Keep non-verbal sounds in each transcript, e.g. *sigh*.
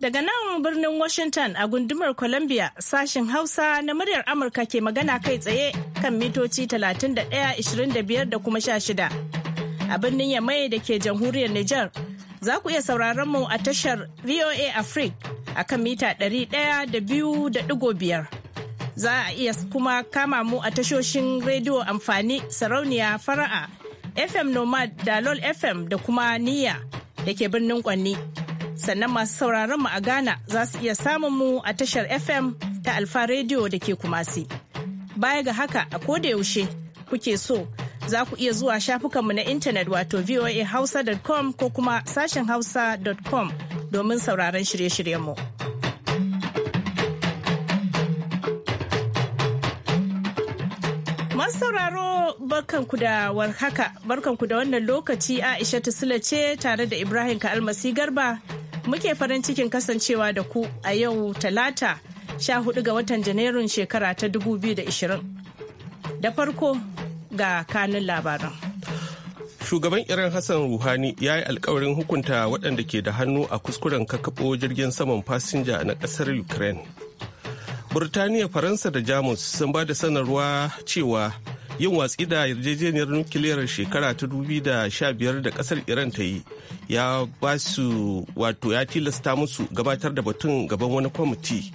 Daga nan birnin Washington a gundumar Columbia sashen Hausa na muryar Amurka ke magana kai tsaye kan mitoci 31-25 da kuma shida A birnin Yamai da ke jamhuriyar Nijar za ku iya sauraron mu a tashar VOA Africa a kan mita biyar Za a iya kuma kama mu a tashoshin rediyo amfani sarauniya fara'a FM Nomad da LOL FM da kuma niya da ke birnin Kwanni. sannan masu sauraron mu a Ghana za su iya samun mu a tashar FM ta Alfa Radio da ke Kumasi. Baya ga haka a da yaushe kuke so za ku iya zuwa shafukanmu na intanet wato voahausa.com ko kuma sashen hausa.com domin sauraron shirye-shiryenmu. Masu sauraro barkanku da warhaka barkanku da wannan lokaci Aisha ta ce tare da Ibrahim Ka'almasi Garba Muke farin cikin kasancewa da ku a yau talata sha hudu ga watan Janairun shekara ta 2020. Da farko ga kanun labaran. Shugaban Iran Hassan Ruhani ya yi alkawarin hukunta waɗanda ke da hannu a kuskuren kakaɓo jirgin saman fasinja na ƙasar Ukraine. Burtaniya, Faransa da Jamus sun ba da sanarwa cewa yin watsi da yarjejeniyar nukiliyar shekara ta dubi da sha biyar da kasar iran ta yi ya ba su wato ya tilasta musu gabatar da batun gaban wani kwamiti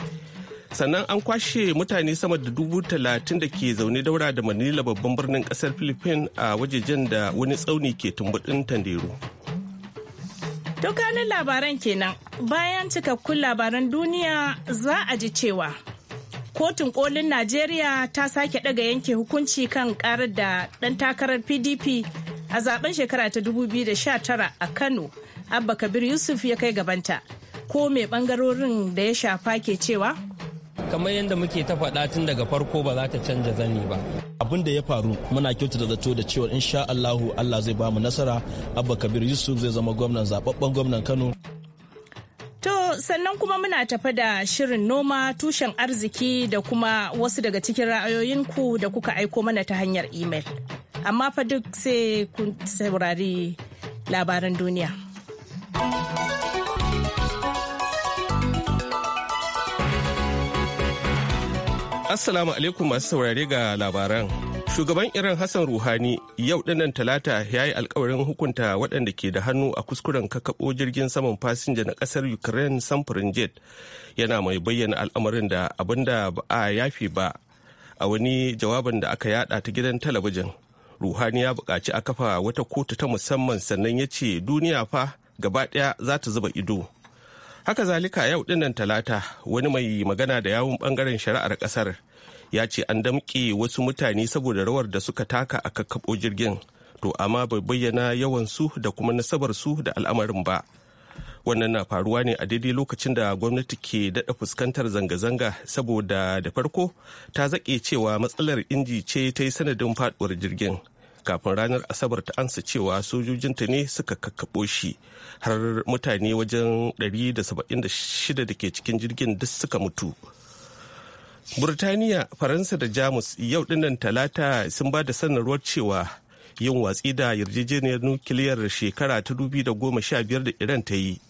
sannan an kwashe mutane sama da dubu talatin da ke zaune daura da manila babban birnin kasar philippines a wajejen da wani tsauni ke tumbudin tandero dukkanin labaran kenan bayan cikakkun labaran duniya za a ji cewa kotun kolin najeriya ta sake daga yanke hukunci kan karar da dan takarar pdp a zaben shekara ta 2019 a kano abba kabir yusuf ya kai gabanta ko mai bangarorin da ya shafa ke cewa kamar yadda muke ta faɗa tun daga farko ba za ta canza zani ba abin da ya faru muna kyautata da zato da cewa insha Allahu Allah zai ba mu nasara abba kabir yusuf zai zama gwamnan zababben gwamnan Kano sannan kuma muna tafa da shirin noma tushen arziki da kuma wasu daga cikin ra'ayoyinku da kuka aiko mana ta hanyar imel. Amma fa duk sai kun saurari labaran duniya. Assalamu alaikum masu saurare ga labaran. Shugaban Iran Hassan Ruhani yau dinnan talata ya yi alkawarin hukunta waɗanda ke da hannu a kuskuren kakaɓo jirgin saman fasinja na ƙasar Ukraine samfurin jet yana mai bayyana al'amarin da abin da ba a yafi ba a wani jawabin da aka yada ta gidan talabijin. Ruhani ya buƙaci a kafa wata kotu ta musamman sannan ya ce duniya fa gaba ɗaya za ta zuba ido. Haka zalika yau dinnan talata wani mai magana da yawun ɓangaren shari'ar ƙasar ya ce an damƙe wasu mutane saboda rawar da suka taka a kakkaɓo jirgin to amma bai bayyana yawan su da kuma nasabar su da al'amarin ba wannan na faruwa ne a daidai lokacin da gwamnati ke daɗa fuskantar zanga-zanga saboda da farko ta zaƙe cewa matsalar inji ce ta yi sanadin faɗuwar jirgin kafin ranar asabar ta ansa cewa sojojinta ne suka kakkaɓo shi har mutane wajen 176 da ke cikin jirgin duk suka mutu. Burtaniya, Faransa da Jamus yau dinnan talata sun ba da sanarwar cewa yin watsi da yarjejeniyar nukiliyar shekara ta goma sha biyar da Iran ta yi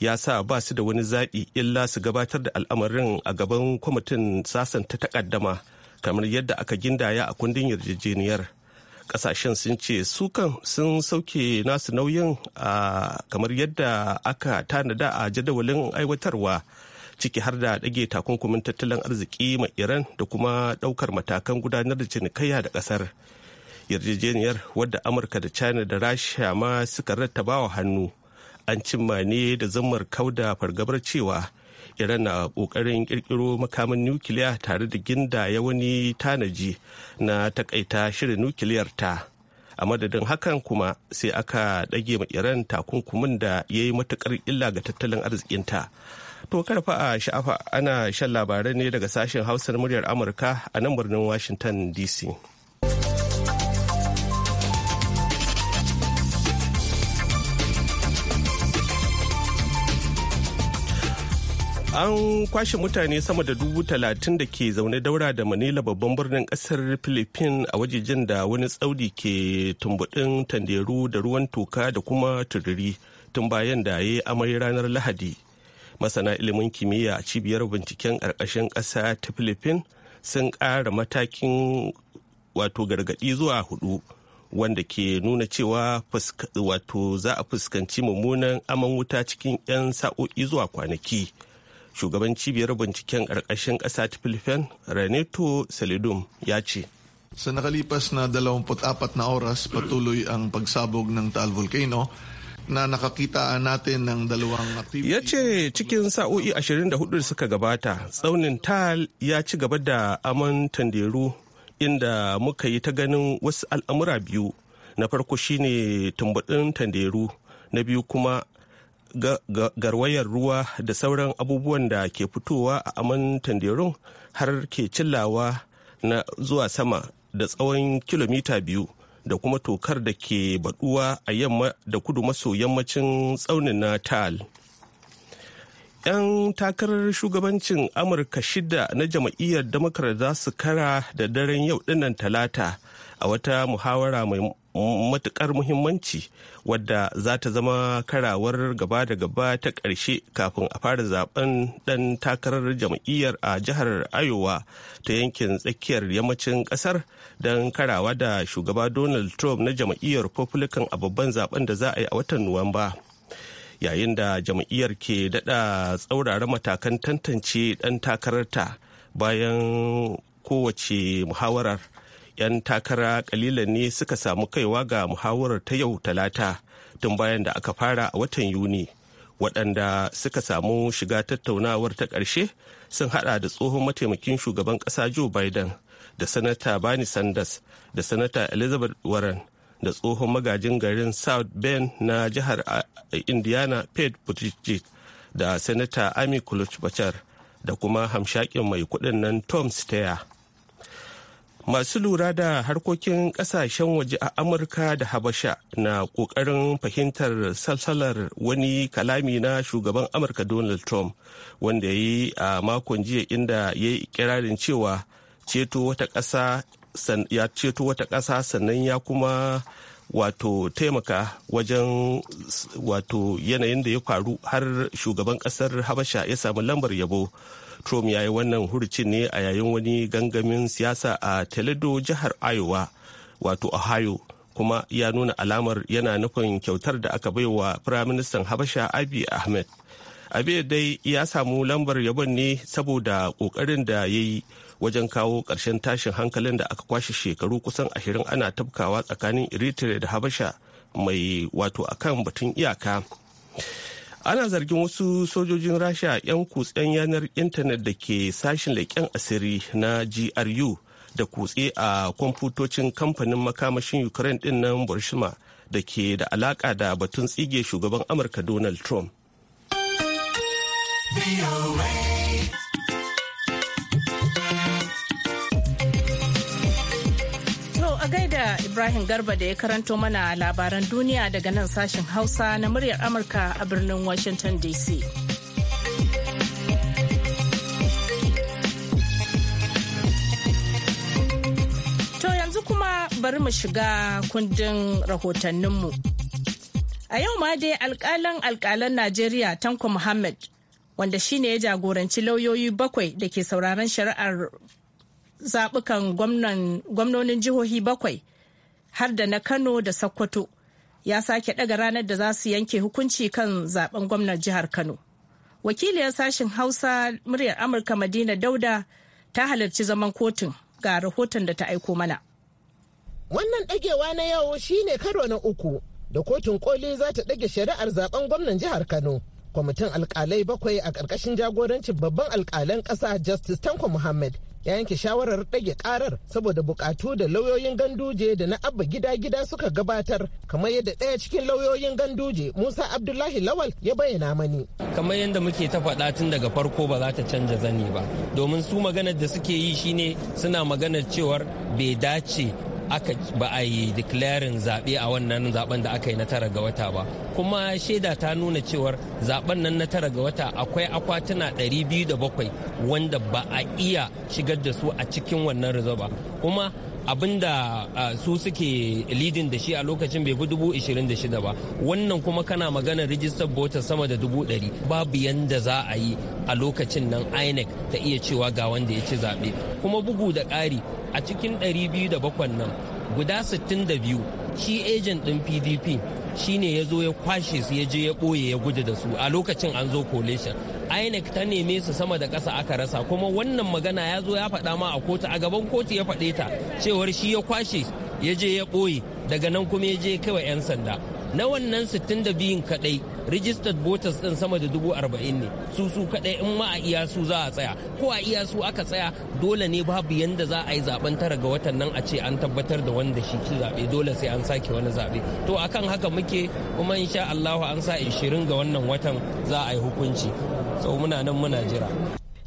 ya sa ba su da wani zaɓi illa su gabatar da al'amarin a gaban kwamitin ta takaddama kamar yadda aka gindaya a kundin yarjejeniyar. kasashen sun ce sukan sun sauke nasu nauyin kamar yadda aka tanada a jadawalin aiwatarwa ciki har da ɗage takunkumin tattalin arziki ma iran da kuma ɗaukar matakan gudanar da cinikayya da ƙasar yarjejeniyar wadda amurka da china da rasha ma suka rattaba wa hannu an cimma ne da zammar kauda fargabar cewa iran na kokarin kirkiro makamin nukiliya tare da ginda ya wani tanaji na takaita shirin nukiliyar ta a madadin hakan kuma sai aka ɗage ma iran takunkumin da ya yi matukar illa ga tattalin arzikinta To karfa a sha'afa ana shan labarai ne daga sashen hausar muryar Amurka a nan birnin Washington DC. An kwashe mutane sama da dubu talatin da ke zaune daura da Manila babban birnin kasar Philippines a wajejen da wani tsaudi ke tumbudin tanderu da ruwan toka da kuma tururi tun bayan da ya yi amai ranar Lahadi. masana ilimin kimiyya a cibiyar binciken ƙarƙashin ƙasa ta philippines sun ƙara matakin wato gargaɗi zuwa hudu wanda ke nuna cewa wato za a fuskanci mummunan aman wuta cikin 'yan sa'o'i zuwa kwanaki shugaban cibiyar binciken ƙarƙashin ƙasa ta philippines reneto salidum ya ce sa nakalipas na 24 na oras patuloy ang pagsabog ng taal volcano na nakakita natin ng dalawang activity. Ya ce cikin sa'o'i 24 da suka gabata tsaunin tal ya ci gaba da aman tanderu inda muka yi ta ganin wasu al'amura biyu na farko shine tumbudin tanderu na biyu kuma garwayar ruwa da sauran abubuwan da ke fitowa a aman tanderun har ke cillawa na zuwa sama da tsawon kilomita biyu da kuma tokar da ke baduwa a yamma da kudu maso yammacin tsaunin na tal yan takarar shugabancin amurka shida na jam'iyyar damakar za su kara da daren yau dinnan talata a wata muhawara mai matukar muhimmanci wadda za ta zama karawar gaba da gaba ta ƙarshe kafin a fara zaben ɗan takarar jam'iyyar a jihar ayowa ta yankin tsakiyar yammacin ƙasar don karawa da shugaba donald trump na jam'iyyar republican a babban zaben da za a yi a watan nuwamba yayin da jam'iyyar ke dada tsaurara matakan tantance dan takararta bayan kowace muhawarar 'yan takara kalilan ne suka samu kaiwa ga muhawarar ta yau talata tun bayan da aka fara a watan yuni waɗanda suka samu shiga tattaunawar ta ƙarshe sun hada da tsohon mataimakin shugaban ƙasa joe biden da sanata bani sanders da sanata elizabeth warren da tsohon magajin garin south bend na jihar ah, indiana pete buttigieg da sanata amy klobuchar da kuma hamshakin mai kudin nan tom steyer masu lura da harkokin kasashen waje a amurka da habasha na kokarin fahimtar salsalar wani kalami na shugaban amurka donald trump wanda ya yi a makon jiya inda ya yi ikirarin cewa ceto wata ƙasa ya ceto wata ƙasa sannan ya kuma wato taimaka wajen wato yanayin da ya faru har shugaban ƙasar habasha ya samu lambar yabo trump ya yi wannan hurucin ne a yayin wani gangamin siyasa a teledo jihar iowa wato ohio kuma ya nuna alamar yana nufin kyautar da aka baiwa firaministan habasha abi ahmed abe dai ya samu lambar yabon ne saboda kokarin da ya yi wajen kawo ƙarshen tashin hankalin da aka kwashe shekaru kusan ashirin ana tafkawa tsakanin eritrea da habasha mai wato akan batun iyaka ana zargin wasu sojojin rasha 'yan kutsen yanar intanet da ke sashen leƙen asiri na gru da kutse a kwamfutocin kamfanin makamashin ukraine din nan burshima da ke da alaka da batun tsige shugaban amurka donald trump To a gaida Ibrahim Garba da ya karanto mana labaran duniya daga nan sashen Hausa na muryar Amurka a birnin Washington DC. To yanzu kuma bari mu shiga kundin rahotanninmu. A yau ma dai alkalan alkalan Najeriya Tanko Muhammad wanda shine ya jagoranci lauyoyi bakwai da ke sauraron shari'ar zaɓukan gwamnonin jihohi bakwai har da na kano da sokoto ya sake ɗaga ranar da za su yanke hukunci kan zaben gwamnan jihar kano wakiliyar sashen hausa muryar amurka madina dauda ta halarci zaman kotun ga rahoton da ta aiko mana wannan ɗagewa na yau shine karo na uku da kotun koli za ta ɗage shari'ar zaben gwamnan jihar kano kwamitin alkalai bakwai a ƙarƙashin jagorancin babban alkalan ƙasa justice tanko muhammad ya yanke shawarar ɗage ƙarar saboda buƙatu da lauyoyin ganduje da na abba gida gida suka gabatar kamar yadda ɗaya cikin lauyoyin ganduje musa abdullahi lawal ya bayyana mani kamar yadda muke ta faɗa tun daga farko ba za ta canja zani ba domin su maganar da suke yi shine suna maganar cewar bai dace aka ba a yi declaring zaɓe a wannan zaben da aka yi na tara ga wata ba kuma shaida ta nuna cewar zaben nan na tara ga wata akwai akwatuna 207 wanda ba a iya shigar da su a cikin wannan rizo ba kuma abin da su suke lidin da shi a lokacin bai dubu ishirin ba wannan kuma kana magana rijistar bota sama da dubu ɗari babu yadda za a yi a lokacin nan inec ta iya cewa ga wanda ya ci zaɓe kuma bugu da ƙari a cikin 207 nan guda 62 shi agent ɗin pdp shi ya zo ya kwashe su ya je ya ɓoye ya gudu da su a lokacin an zo coalition inec ta neme su sama da ƙasa aka rasa kuma wannan magana ya zo ya faɗa ma a kotu a gaban kotu ya faɗe ta cewar shi ya kwashe ya je ya ɓoye daga nan kuma ya je kawai 'yan sanda na wannan 62 kadai registered voters din sama da dubu arba'in ne su su kadai in ma a iya su za a tsaya ko a iya su aka tsaya dole ne babu yadda za a yi zaben tara ga watan nan a ce an tabbatar da wanda shi ki zabe dole sai an sake wani zabe to akan haka muke kuma insha Allah an sa 20 ga wannan watan za a yi hukunci sau muna nan muna jira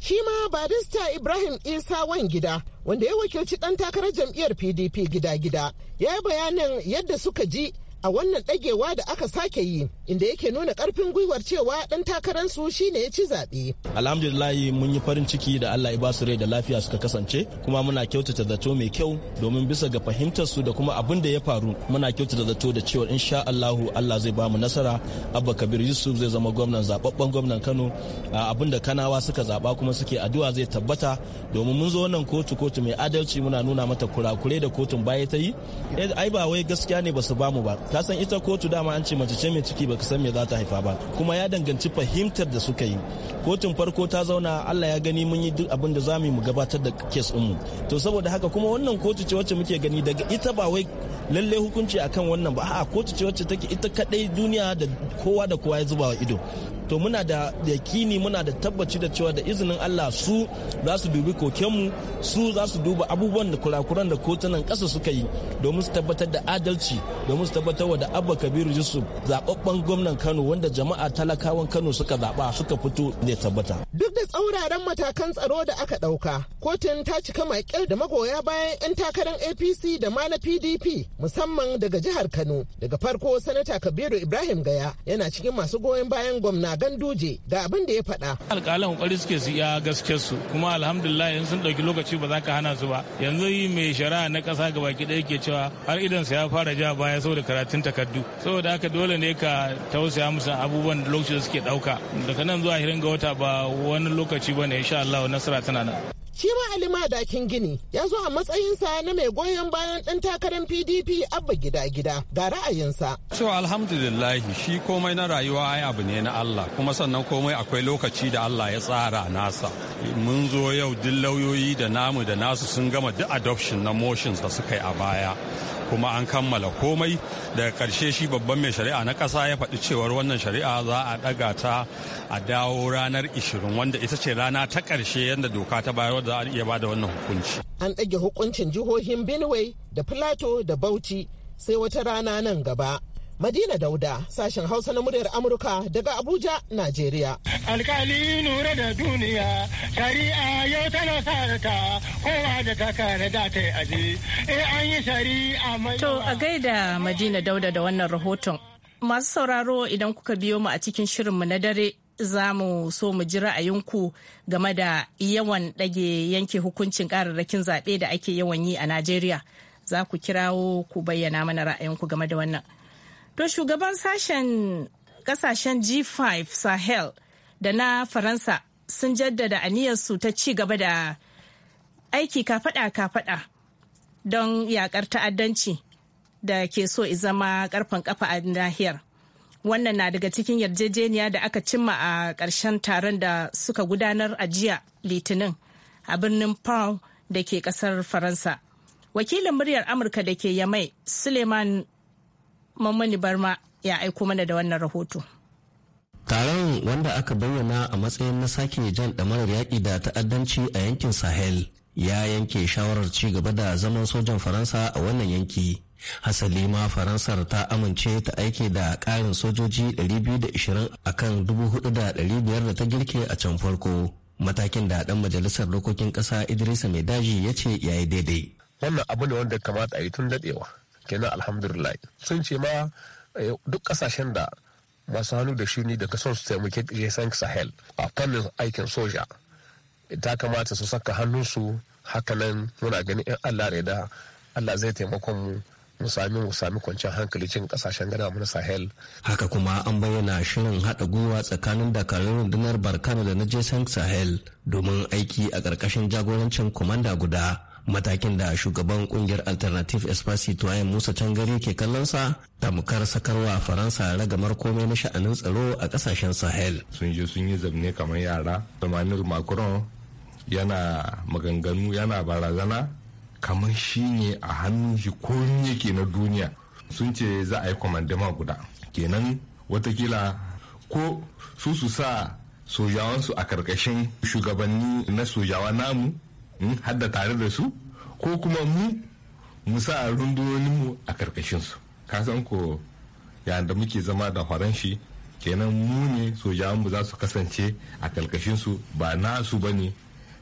shi ma barista ibrahim isa wan gida wanda ya wakilci dan takarar jam'iyyar pdp gida-gida ya yi bayanin yadda suka ji a wannan ɗagewa da aka sake yi inda yake nuna karfin gwiwar cewa dan takararsu shine ya ci zaɓe. alhamdulillahi mun yi farin ciki da allah ya basu rai da lafiya suka kasance kuma muna kyautata zato mai kyau domin bisa ga fahimtar su da kuma abin da ya faru muna kyautata zato da cewa insha allahu allah zai ba mu nasara abba kabir yusuf zai zama gwamnan zababben gwamnan kano abin da kanawa suka zaba kuma suke addu'a zai tabbata domin mun zo wannan kotu kotu mai adalci muna nuna mata kurakure da kotun baya ta yi eh, ai ba wai gaskiya ne ba su ba mu ba kasan ita kotu dama an ce mace ce mai ciki baka san me za ta haifa ba kuma ya danganci fahimtar da suka yi kotun farko ta zauna Allah ya gani mun yi duk abin da za mu gabatar da kes mu to saboda haka kuma wannan kotu ce wacce muke gani daga ita ba wai lalle hukunci akan wannan ba a kotu ce wacce take ita kadai duniya da kowa da kowa ya zuba wa ido to muna da yakini muna da tabbaci da cewa da izinin Allah su za su dubi kokenmu su za su duba abubuwan da kurakuran da kotunan ƙasa suka yi domin su tabbatar da adalci domin su tabbatar da abba kabiru yusuf zaɓaɓɓen gwamnan kano wanda jama'a talakawan kano suka zaba suka fito ne tabbata duk da tsauraran matakan tsaro da aka ɗauka kotun ta cika makil da magoya bayan 'yan takarar apc da ma na pdp musamman daga jihar kano daga farko sanata kabiru ibrahim gaya yana cikin masu goyon bayan gwamna doje da abin da ya faɗa. Alƙalan kokari suke su iya gaske su kuma alhamdulillah in sun ɗauki lokaci ba za ka hana su ba. Yanzu yi mai shari'a na ƙasa gaba ki ɗaya ke cewa har idan sa ya fara ja baya saboda karatun takardu. Saboda haka dole ne ka tausaya musu abubuwan da lokacin suke ɗauka. Daga nan zuwa hirin ga wata ba wani lokaci ba ne insha Allah nasara tana nan. Shi ma Ali Madakin Gini ya zo a matsayinsa na mai goyon bayan ɗan takarar PDP Abba Gida Gida ga ra'ayinsa. To alhamdulillahi shi komai na rayuwa ai abu ne na Allah kuma sannan komai akwai lokaci da Allah ya tsara nasa. Mun zo yau duk lauyoyi da namu da nasu sun gama duk adoption na motions da suka yi a baya. kuma an kammala komai daga karshe shi babban mai shari'a na ƙasa ya faɗi cewar wannan shari'a za a ɗaga ta a dawo ranar 20 wanda ita ce rana ta karshe yadda doka ta bayar za a iya bada wannan hukunci. An ɗage hukuncin jihohin Benue da Plateau da Bauchi sai wata rana nan gaba. Madina Dauda, sashen Hausa na muryar Amurka daga Abuja, Najeriya. Alkali nura da duniya, shari'a yau tana sarata kowa da ta kare da ta aji. Eh an yi shari'a mai To a gaida Madina Dauda da wannan rahoton. Masu sauraro idan kuka biyo mu a cikin shirinmu na dare za mu so mu ji ra'ayinku game da yawan ɗage yanke hukuncin ƙararrakin zaɓe da ake yawan yi a Najeriya. Za ku kirawo ku bayyana mana ra'ayinku game da wannan. To shugaban sashen kasashen G5 Sahel da na Faransa sun jaddada aniyarsu ta ci gaba da aiki kafada-kafada don yakar ta'addanci da ke so zama karfan kafa a nahiyar. Wannan na daga cikin yarjejeniya da aka cimma a ƙarshen taron da suka gudanar a jiya Litinin a birnin Pau da ke ƙasar Faransa. Wakilin muryar Amurka da ke Yamai, Suleiman Mammani Barma ya aiko mana da wannan rahoto. Taron wanda aka bayyana a matsayin na sake jan ɗamarar yaƙi da ta'addanci a yankin Sahel ya yanke shawarar ci gaba da zaman sojan Faransa a wannan yanki. Hasali ma Faransar ta amince ta aike da ƙarin sojoji 220 a kan 4,500 da ta girke a can farko. Matakin da ɗan majalisar dokokin ƙasa Idrisa Mai Daji ya ce ya yi daidai. Wannan abu ne wanda kamata a yi tun daɗewa. kenan alhamdulillah sun ce ma eh, duk kasashen da masu hannu da shuni daga son su taimake jesan sahel a fannin aikin soja ta kamata su saka hannunsu nan muna ganin in allah da allah zai taimakon mu mu sami mu sami kwanciyar hankali cikin kasashen gada mu sahel haka kuma an bayyana shirin haɗa gwiwa tsakanin dakarun rundunar barkano da na jason sahel domin aiki a ƙarƙashin jagorancin kwamanda guda matakin da shugaban kungiyar alternative espacito ayan musa tangare ke kallon kallonsa tamkar sakarwa faransa ragamar komai na sha'anin tsaro a kasashen sahel sun je sun yi zabne kamar yara emmanuel macron yana maganganu yana barazana kamar shine a hannun shi komi yake na duniya sun ce za a yi kwamandama guda kenan watakila ko su su sa sojawansu a karkashin shugabanni na sojawa namu har tare da su ko kuma mu mu sa rundunoninmu a karkashinsu su kasan ko yayin da muke zama da shi kenan mu ne sojawanmu za su kasance a karkashinsu ba nasu ba ne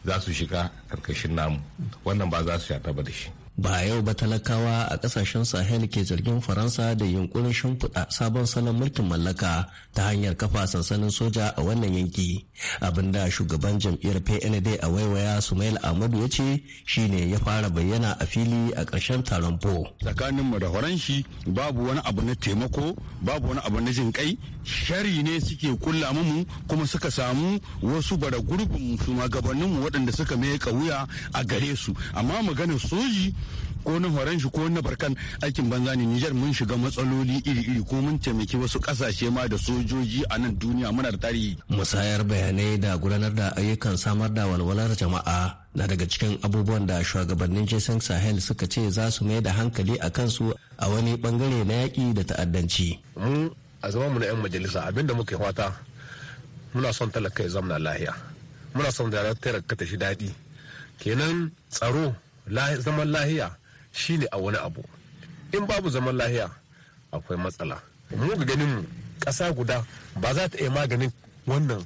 za su shiga karkashin namu wannan ba za su ya ba da shi ba yau ba talakawa a kasashen sahel ke zargin faransa da yunkurin shimfiɗa sabon salon mulkin mallaka ta hanyar kafa sansanin soja a wannan yanki abinda shugaban jam'iyyar pnd a waiwaya sumail ahmadu ya ce shine ya fara bayyana a fili a ƙarshen taron po tsakaninmu da faranshi babu wani abu na taimako babu wani abu na jin shari ne suke kulla mu kuma suka samu wasu bara gurbin shugabanninmu waɗanda suka mai wuya a gare su amma maganar soji ko na horon shi ko na barkan aikin banza ne Nijar mun shiga matsaloli iri-iri ko mun taimaki wasu kasashe ma da sojoji a nan duniya muna da tarihi. Musayar bayanai da gudanar da ayyukan samar da walwalar jama'a na daga cikin abubuwan da shugabannin jason sahel suka ce za su mai da hankali a kansu a wani bangare na yaƙi da ta'addanci. mu a zama mu na 'yan majalisa abinda muke fata muna son talaka ya zamana lahiya muna son da ya ta shi daɗi kenan tsaro zaman lahiya shi ne a wani abu in babu zaman lahiya akwai matsala mu ga ganin mu ƙasa guda ba za ta iya maganin wannan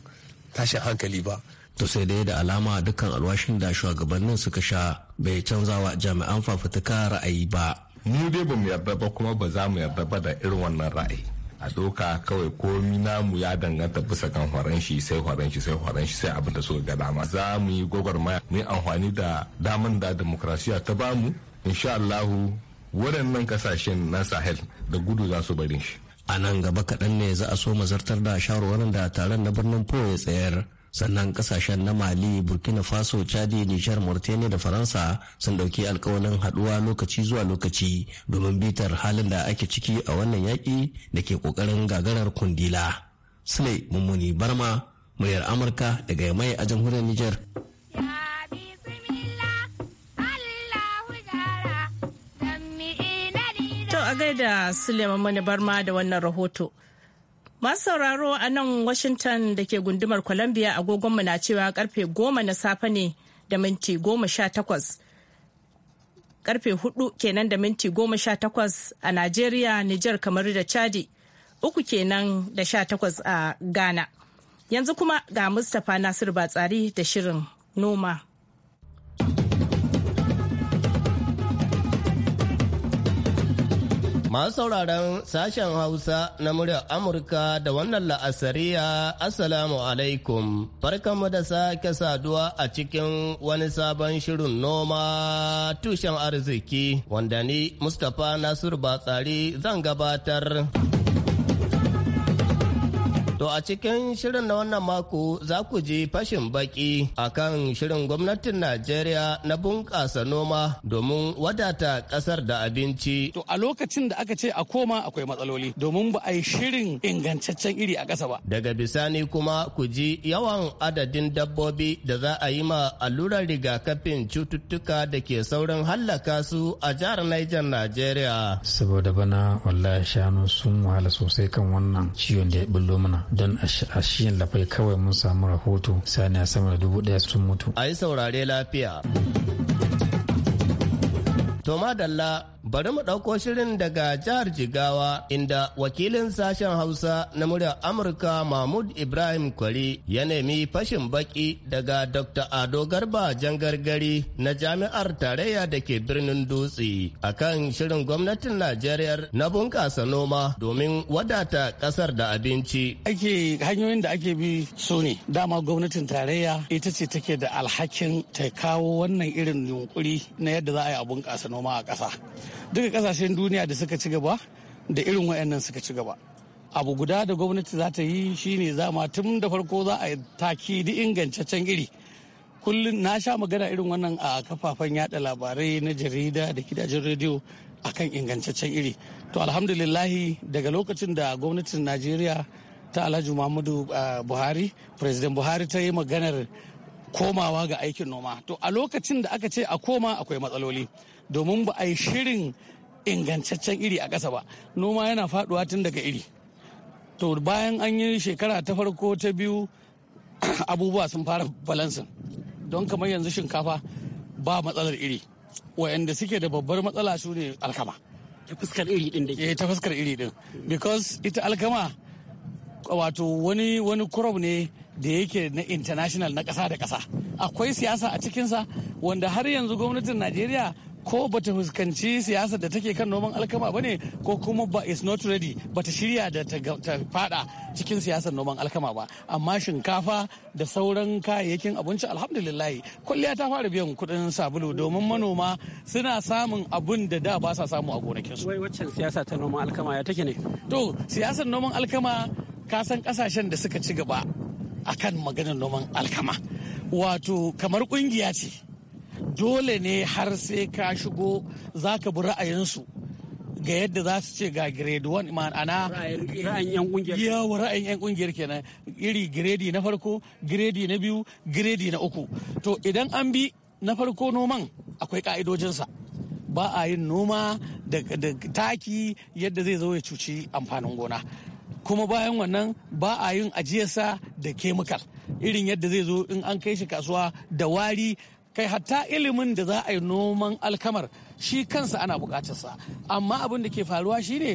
tashin hankali ba to sai dai da alama dukkan alwashin da shugabannin suka sha bai canza wa jami'an fafutuka ra'ayi ba mu dai ba mu yarda ba kuma ba za mu yarda ba da irin wannan ra'ayi a doka kawai komi namu ya danganta bisa kan horon shi sai horon shi sai horon shi sai abin da suka ga dama za mu yi gwagwarmaya mu amfani da daman da demokrasiya ta bamu insha Allahu waɗannan kasashen na Sahel da gudu za su barin shi. A nan gaba kaɗan ne za a so mazartar da shawarwar da taron na birnin Po ya tsayar. sannan kasashen na mali burkina faso chadi nijar mauritania da faransa sun ɗauki alkawalin haɗuwa lokaci zuwa lokaci domin bitar halin da ake ciki a wannan yaƙi da ke ƙoƙarin gagarar kundila sule mummuni barma muryar amurka daga mai a jamhuriyar nijar a gaida Suleiman Mani Barma da wannan rahoto. Masu sauraro a nan Washington da ke gundumar Columbia agogonmu na cewa karfe goma na safe ne da minti goma sha takwas. Karfe hudu kenan da minti goma sha takwas a Najeriya, Nijar kamar da Chadi, uku kenan da sha takwas a Ghana. Yanzu kuma ga Mustapha nasiru Batsari da shirin noma. Masu sauraron sashen Hausa na muryar Amurka da wannan la'asariya Assalamu alaikum. Farkonmu da sake saduwa a cikin wani sabon shirin noma tushen arziki wanda ni Mustapha Nasiru Batsari zan gabatar. To a cikin shirin na wannan mako za ku ji fashin baki a kan shirin gwamnatin Najeriya na bunƙasa noma domin wadata ƙasar da abinci. To a lokacin da aka ce a koma akwai matsaloli domin ba a yi shirin ingantaccen iri a ƙasa ba. Daga bisani kuma ku ji yawan adadin dabbobi da za a yi ma allurar rigakafin cututtuka da ke saurin hallaka su a jihar Niger Najeriya. Saboda bana wallahi shanu sun wahala sosai kan wannan ciwon da ya mana. don a shiyan lafai kawai mun samu rahoto sani a sama da dubu daya sun mutu a yi saurare lafiya Toma dalla. bari mu ɗauko shirin daga jihar Jigawa inda wakilin sashen Hausa na murya Amurka Mahmud Ibrahim Kwari ya nemi fashin baki daga Dr. Ado Garba Jangargari na jami'ar tarayya da ke birnin Dutse akan shirin gwamnatin Najeriya na bunƙasa noma domin wadata ƙasar da abinci. Ake hanyoyin da ake bi su ne dama gwamnatin tarayya ita ce take da alhakin ta kawo wannan irin yunkuri na yadda za a yi a bunƙasa noma a ƙasa. duka kasashen duniya da suka ci gaba da irin wayannan suka ci gaba abu guda da gwamnati za ta yi shine zama tun da farko za a taki di ingantaccen iri kullum na sha magana irin wannan a kafafen yada labarai na jarida da gidajen rediyo akan ingantaccen iri to alhamdulillahi daga lokacin da gwamnatin najeriya ta alhaji muhammadu ah, buhari president buhari ta yi maganar komawa ga aikin noma to a lokacin da aka ce a koma akwai matsaloli domin ba a yi shirin ingantaccen iri a ƙasa ba noma yana faduwa tun daga iri to bayan an yi shekara ta farko ta biyu *coughs* abubuwa sun fara balansin don kamar yanzu shinkafa ba matsalar iri wayanda suke da babbar matsala su ne alkama ta fuskar iri din da ke. Eh, ta fuskar iri din because ita alkama wato wani wani kurob ne da yake na international na ƙasa da ƙasa akwai siyasa a cikinsa wanda har yanzu gwamnatin najeriya ko bata fuskanci siyasa da take kan noman alkama bane ko kuma ba is not ready bata shirya da ta fada cikin siyasar noman alkama ba amma shinkafa da sauran kayayyakin abinci alhamdulillah kwalliya ta fara biyan kudin sabulu domin manoma suna samun abun da da ba sa samu a gonakinsu wai waccan siyasa ta noman alkama ya take ne to siyasar noman alkama kasan kasashen da suka ci gaba akan maganar noman alkama wato kamar kungiya ce dole ne har sai ka shigo za ka bi ra'ayinsu ga yadda za su ce ga grade 1 ma'ana ra'ayin 'yan kungiyar kenan iri grade na farko grade na biyu grade na uku to idan an bi na farko noman akwai ka'idojinsa ba a yin noma da taki yadda zai zo ya cuci amfanin gona kuma bayan wannan ba a yin ajiyarsa da kemikal irin yadda zai zo in an kai shi kasuwa da wari kai hatta ilimin da za a yi noman alkamar shi kansa ana bukatarsa amma abin da ke faruwa shine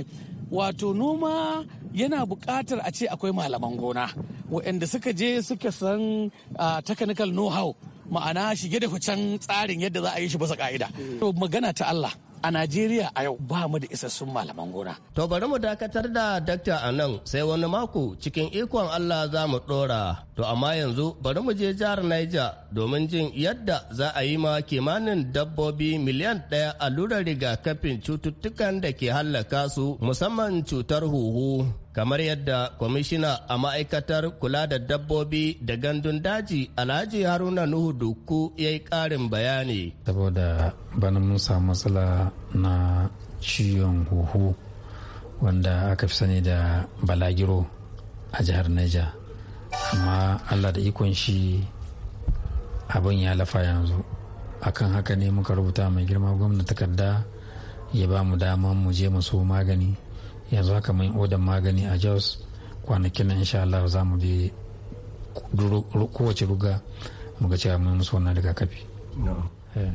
wato noma yana bukatar a ce akwai malaman gona waɗanda suka je suka san technical know-how ma'ana shige da hucen tsarin yadda za a yi shi bisa ka'ida. magana ta Allah a Najeriya a yau ba mu da isassun malaman gona. To bari mu dakatar da dakta anan, sai wani mako cikin ikon Allah za mu ɗora. To amma yanzu bari mu je jihar Niger domin jin yadda za a yi ma kimanin dabbobi miliyan ɗaya allurar rigakafin cututtukan da ke hallaka su musamman cutar huhu kamar yadda kwamishina a ma'aikatar kula da dabbobi da gandun daji alhaji haruna nuhu duku ya yi ƙarin bayani saboda bana mun samu matsala na ciwon huhu wanda aka fi sani da balagiro a jihar Niger amma allah da ikon shi abin ya lafa yanzu akan haka ne muka rubuta mai girma gwamna takarda ya ba mu dama mu je mu so magani yanzu haka mai odan magani a jos kwanakin nan insha Allah za mu je kowace ruga mu ga cewa mun musu wannan rigakafi eh.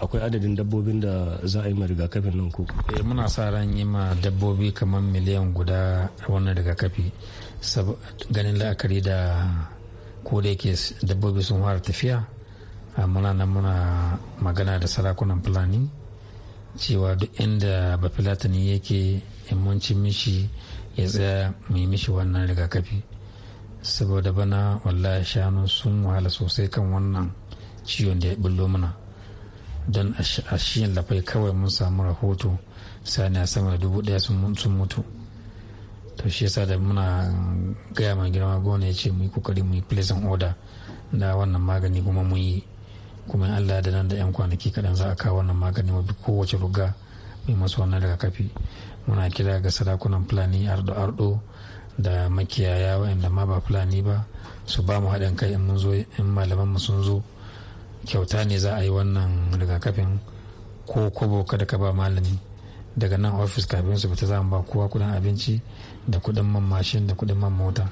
akwai adadin dabbobin da za a yi ma rigakafin nan ko eh, muna sa ran yi ma dabbobi kamar miliyan guda wannan rigakafi ganin la'akari da ko da yake dabbobi sun fara tafiya muna nan muna magana da sarakunan fulani cewa duk inda bafilatani yake yammanci mishi ya tsaya mai mishi wannan rigakafi saboda bana wallahi shanu sun wahala sosai kan wannan ciwon da ya bullo mana don a shiyan lafai kawai mun samu rahoto sani a sama da dubu daya sun mutu to shi yasa da muna gaya mai girma gona ya ce mu yi kokari mu yi placing order da wannan magani kuma mu yi kuma allah da nan da yan kwanaki kaɗan za a kawo wannan magani mafi kowace ruga mai masu wannan rigakafi muna kira ga sarakunan fulani ardo ardo da makiyaya da ma ba fulani ba su ba mu haɗin kai in mun zo in malaman mu sun zo kyauta ne za a yi wannan rigakafin ko kobo kada ka ba malami daga nan ofis kafin su fita za mu ba kowa kudin abinci da kuɗin man mashin da kuɗin man mota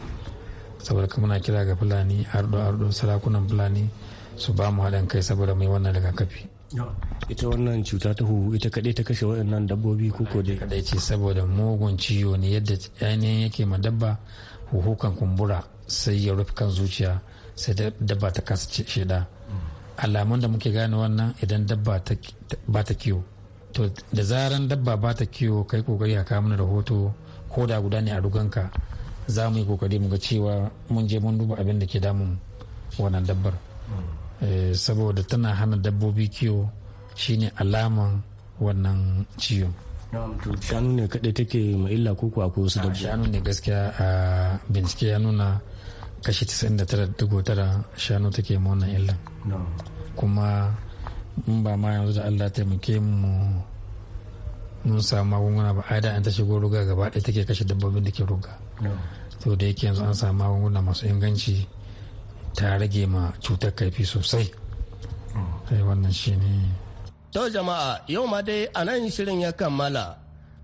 saboda kuma muna kira ga fulani ardo ardo sarakunan fulani su ba mu haɗin kai saboda mai wannan rigakafi ita wannan cuta ta huhu ita kaɗai ta kashe waɗannan dabbobi ko dai kaɗai ce saboda mugun ciwo ne yadda yanayin yake ma dabba huhu kan kumbura sai ya rufe kan zuciya sai dabba ta kasa sheda alamun da muke gane wannan idan dabba ba ta kiwo to da zaran dabba ba ta kiwo kai kokari a kawo mana rahoto ko da guda ne a ruganka za mu yi kokari mu ga cewa mun je mun duba abin da ke damun wannan dabbar eh, saboda tana hana dabbobi kiwo shine alaman wannan ciwon shanu ne kadai take ma illa ko ko akwai wasu dabbobi shanu ne gaskiya a bincike ya nuna kashi 99.9 shanu take ma wannan illa kuma in ba ma yanzu da Allah taimake mu mun samu magunguna ba da an ta shigo ruga gaba ɗaya take kashe dabbobin da ke ruga to da yake yanzu an samu magunguna masu inganci ta rage ma cutar kaifi sosai sai mm. wannan shi ne to jama'a yau ma dai a nan shirin ya kammala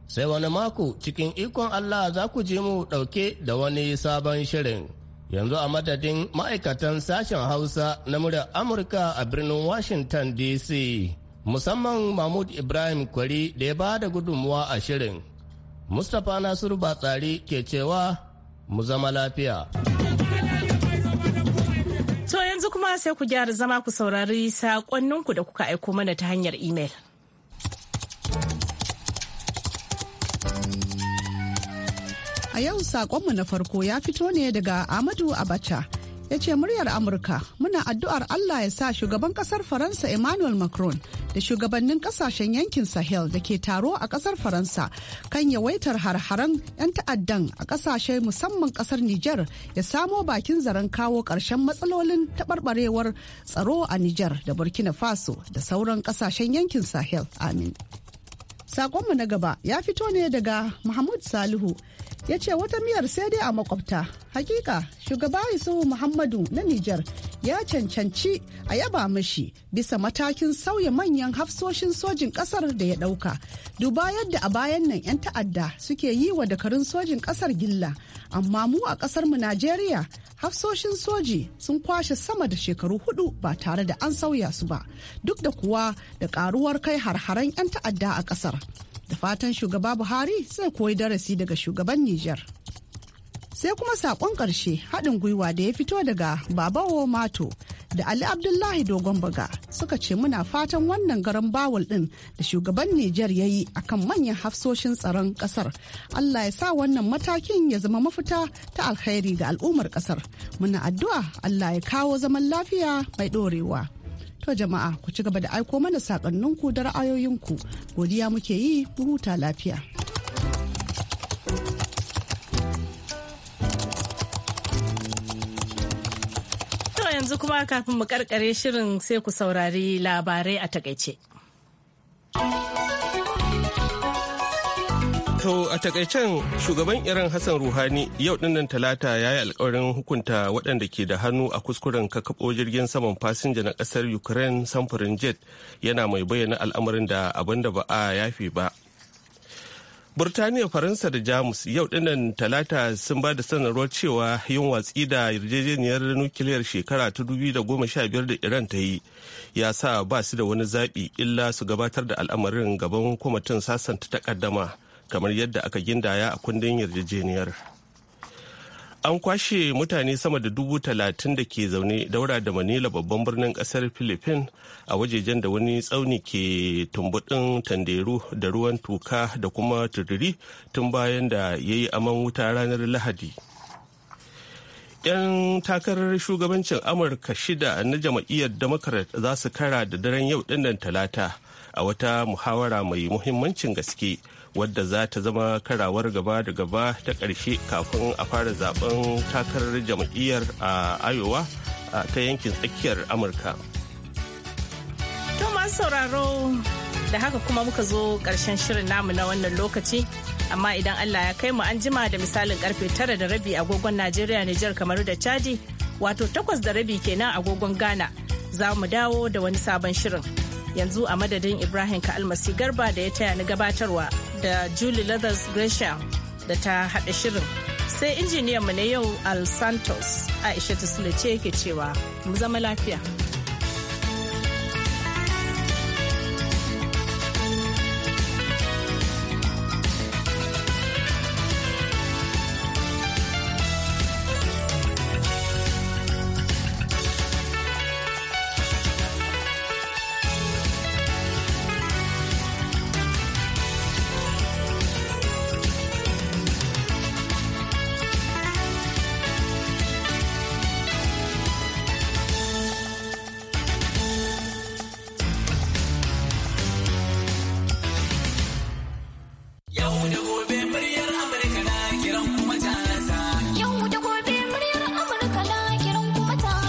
sai wani mako cikin ikon allah za ku je mu ɗauke da wani sabon shirin yanzu a madadin ma'aikatan sashen hausa na muryar amurka a birnin washington dc musamman mahmud ibrahim kwari da ya ba da gudunmuwa a shirin mustapha nasiru batsari ke cewa mu zama lafiya to yanzu kuma sai ku gyara zama ku saurari saƙonninku da kuka aiko mana ta hanyar imel. A yau saƙonmu na farko ya fito ne daga Amadu Abacha. ya ce muryar amurka muna addu'ar allah ya sa shugaban ƙasar faransa emmanuel macron da shugabannin kasashen yankin Sahel da ke taro a kasar Faransa kan yawaitar har-haren 'yan ta'addan a kasashe musamman kasar Nijar ya samo bakin zaren kawo karshen matsalolin taɓarɓarewar tsaro a Nijar da Burkina Faso da sauran kasashen yankin Sahel. Amin. Sakonmu na gaba ya fito ne daga Mahmud Salihu ya ce wata miyar sai dai a makwabta. Hakika shugaba Isuhu Muhammadu na Nijar ya cancanci a yaba mashi bisa matakin sauya manyan hafsoshin sojin kasar da ya dauka. Duba yadda a bayan nan 'yan ta'adda suke yi wa dakarun sojin kasar gilla amma mu a ƙasarmu Najeriya hafsoshin soji sun kwashe sama da shekaru hudu ba tare da an sauya su ba duk da kuwa da karuwar kai harharen 'yan ta'adda a kasar Da fatan shugaba Buhari zai koyi darasi daga shugaban Nijar. sai kuma sakon ƙarshe haɗin gwiwa da ya fito daga babawo mato da ali abdullahi dogon baga suka ce muna fatan wannan garan bawul ɗin da shugaban nijar ya yi a kan manyan hafsoshin tsaron ƙasar allah ya sa wannan matakin ya zama mafita ta alkhairi ga al'ummar ƙasar muna addu'a allah ya kawo zaman lafiya mai ɗorewa To jama'a ku ci gaba da aiko mana sakanninku da ra'ayoyinku godiya muke yi mu huta lafiya. yanzu kuma kafin mu karkare shirin sai ku saurari labarai a takaice. To a takaicen shugaban Iran Hassan Ruhani yau dinnan talata ya yi alkawarin hukunta waɗanda ke da hannu a kuskuren kakaɓo jirgin saman fasinja na ƙasar Ukraine samfurin jet yana mai bayyana al'amarin da abin da ba a yafe ba. burtaniya faransa da jamus yau dinnan talata sun ba da sanarwar cewa yin watsi da yarjejeniyar nukiliyar shekara ta biyar da iran ta yi ya sa ba su da wani zaɓi illa su gabatar da al'amarin gaban kwamitin sasanta takaddama kamar yadda aka gindaya a kundin yarjejeniyar an kwashe mutane sama da dubu talatin da ke zaune daura da manila babban birnin kasar philippines a wajejen da wani tsauni ke tumbudin tanderu da ruwan tuka da kuma tururi tun bayan da ya yi aman wuta ranar lahadi yan takarar shugabancin amurka shida na jam'iyyar democrat za su kara da daren yau dinnan talata a wata muhawara mai muhimmancin gaske wadda za ta zama karawar gaba da gaba ta ƙarshe kafin a fara zaben takarar jam'iyyar a ayowa ta yankin tsakiyar amurka to masu sauraro da haka kuma muka zo ƙarshen shirin namu na wannan lokaci amma idan allah ya kai mu an jima da misalin karfe tara da rabi agogon najeriya nijar kamaru da chadi wato takwas da rabi kenan agogon ghana za mu dawo da wani sabon shirin yanzu a madadin ibrahim ka'almasi garba da ya taya ni gabatarwa da julie leathers gresham da ta haɗa shirin sai injiniyan mu na yau al santos aisha ce ke cewa mu zama lafiya.